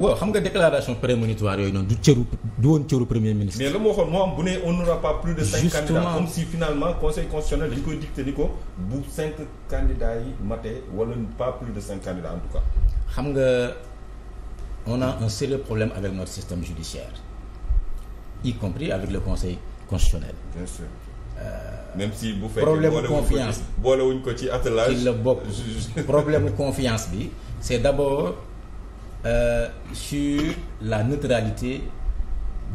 waaw xam nga déclaration prémonitoire yooyu noonu du cëru du woon cëru premier ministre. mais la moo waxoon moo am bu ne on pas plus de. ko bu cinq candidats yi mate de cinq en tout cas. xam nga on a un sérieux problème avec notre système judiciaire y compris avec le conseil constitutionnel. bien sûr. Euh, même si bu problème mu confiance boolewuñ ko ci attelage. ci la bokk problème confiance bi c'est d'abord. euh, sur la neutralité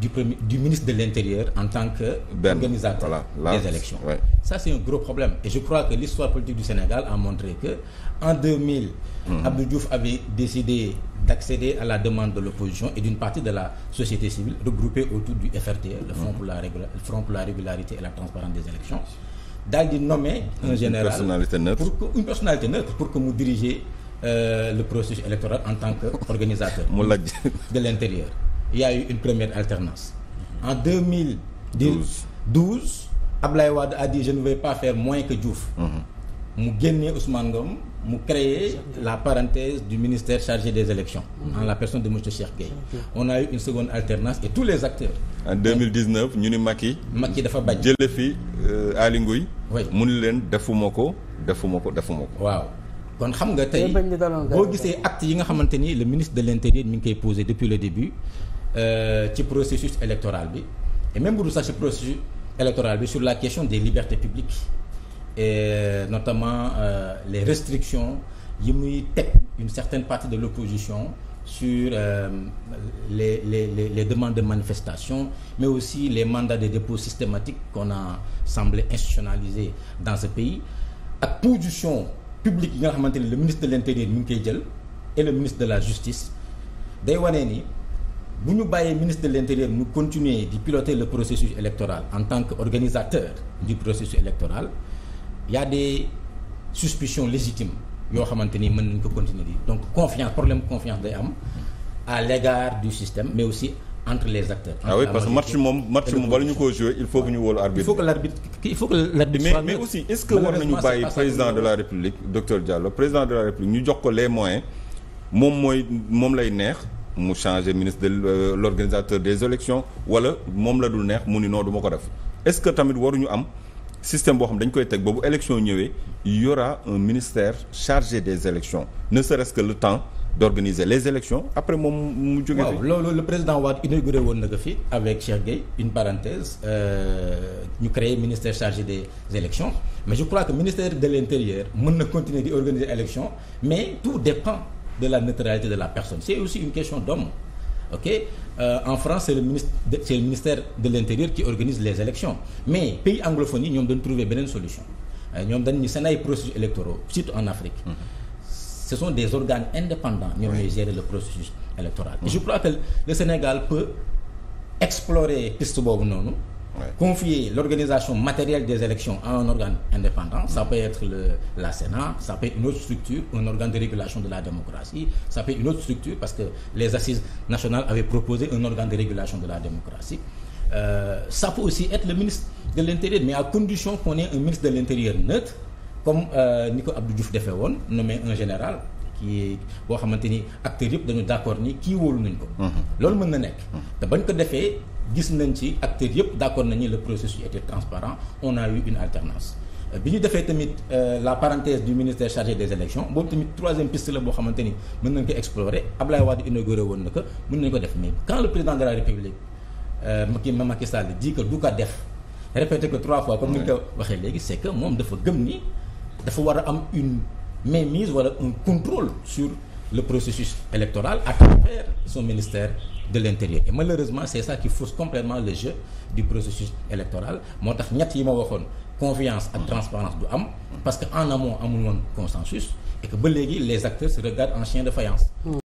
du premier du ministre de l'Intérieur en tant que ben, organisateur voilà, là, des élections. Ouais. Ça c'est un gros problème et je crois que l'histoire politique du Sénégal a montré que en 2000 mmh. Abdou Diouf avait décidé d'accéder à la demande de l'opposition et d'une partie de la société civile regroupée autour du FRTE, le mhm. Front mmh. pour la Régula régularité et la transparence des élections, daal di nommer un général pour que, une diriger euh, le processus électoral en tant qu'organisateur. mu lajj de l'intérieur. il y a eu une première alternance. en deux mille douze douze Ablaye Wade a dit je ne vais pas faire moins que Diouf. Mhm. mu génnee Ousmane Ngom mu créer la parenthèse du ministère chargé des élections mhm. en la personne de monsieur Cheikh Gueye on a eu une seconde alternance et tous les acteurs en 2019 ñu ni Macky Macky dafa bañ jële fi euh, Aly Ngouille oui mu ni leen defuma ko defuma ko defuma ko waaw kon xam nga tey boo gisee acte yi nga xamante ni le ministre de l'intérieur mi ngi koy posé depuis le début euh, ci processus électoral bi et même bu dul sax ci processus électoral bi sur la question des libertés publiques et euh, notamment euh, les restrictions yi muy teg une certaine partie de l'opposition sur euh, les, les les les demandes de manifestation mais aussi les mandats de dépôt systématiques qu'on a semblé institutionnaliser dans ce pays ak position publique yi nga xamante ni le ministre de l'intérieur mi ngi koy jël et le ministre de la justice day wane ni bu ñu bàyyee ministre de l'intérieur mu continuer di piloter le processus électoral en tant que organisateur du processus électoral y a des suspicions légitimes yoo xamante ni mën nañ ko continuer di donc confiance problème confiance day am à l'égard du système mais aussi entre les acteurs. ah oui parce que match moom match moom bala ñu koo jouer il faut que ñu wóolu arbitre. mais mais aussi est-ce que war nañu bàyyi président de la république docteur Diallo président de la république ñu jox ko les moyens moom mooy moom lay neex mu changer ministre de euh, l'organisateur des élections wala moom la dul neex mu ni noo du ma ko def est-ce que tamit waruñu am. système boo xam dañ koy teg boobu élection ñëwee y aura un ministère chargé des élections ne serait-ce le temps d'organiser les élections après moom mu jógee. waaw loolu le président Wade inauguré woon na ko fi avec Cheikh Gueye une parenthèse euh, ñu créé ministère chargé des élections mais je crois que ministère de l'intérieur mën na continuer di organiser élection mais tout dépend de la neutralité de la personne c'est aussi une question d'homme ok euh, en France c'est le ministre c'est le ministère de l'intérieur qui organise les élections mais pays anglophones yi ñoom dañ trouver beneen solution euh, ñoom dañ ni seen ay processus électoraux surtout en Afrique. Mm-hmm. ce sont des organes indépendants ñoom ñooy gérer le processus électoral et mmh. je crois que le Sénégal peut explorer piste boobu noonu confier l'organisation matérielle des élections à un organe indépendant ça mmh. peut être le la Sénat ça peut être une autre structure un organe de régulation de la démocratie parce que les assises nationales avaient proposé un organe de régulation de la démocratie euh, ça peut aussi être le ministre de l'Intérieur mais à condition qu'on un ministre de l'Intérieur neutre comme euh, ni ko Abdou Diouf defee woon nommé un général kii boo xamante ni acteurs yëpp dañu d'accord nii kii wóolu nañ ko. Mhm. loolu mën na nekk. Mhm. te bañ ko defee gis nañ ci acteurs yëpp d'accord nañ ni le processus était transparent on a u une alternance. Euh, bi ñu defee tamit euh, la parenthèse du ministère chargé des élections boobu tamit troisième piste la boo xamante ni mën nañ ko explorer Ablaye Wade inauguré woon na ko nañ ko def mais quand le président de la République Macky Macky Sall dit que du ko def répété que trois fois comme ni ko waxee léegi c'est moom dafa gëm ni. dafa war a am une mainmise wala un contrôle sur le processus électoral à travers son ministère de l'intérieur et malheureusement c'est ça qui fausse complètement le jeu du processus électoral moo tax ñett yi moo waxoon confiance ak transparence du am parce que en amont amul woon consensus et que ba léegi les acteurs se regardent en chien de faïence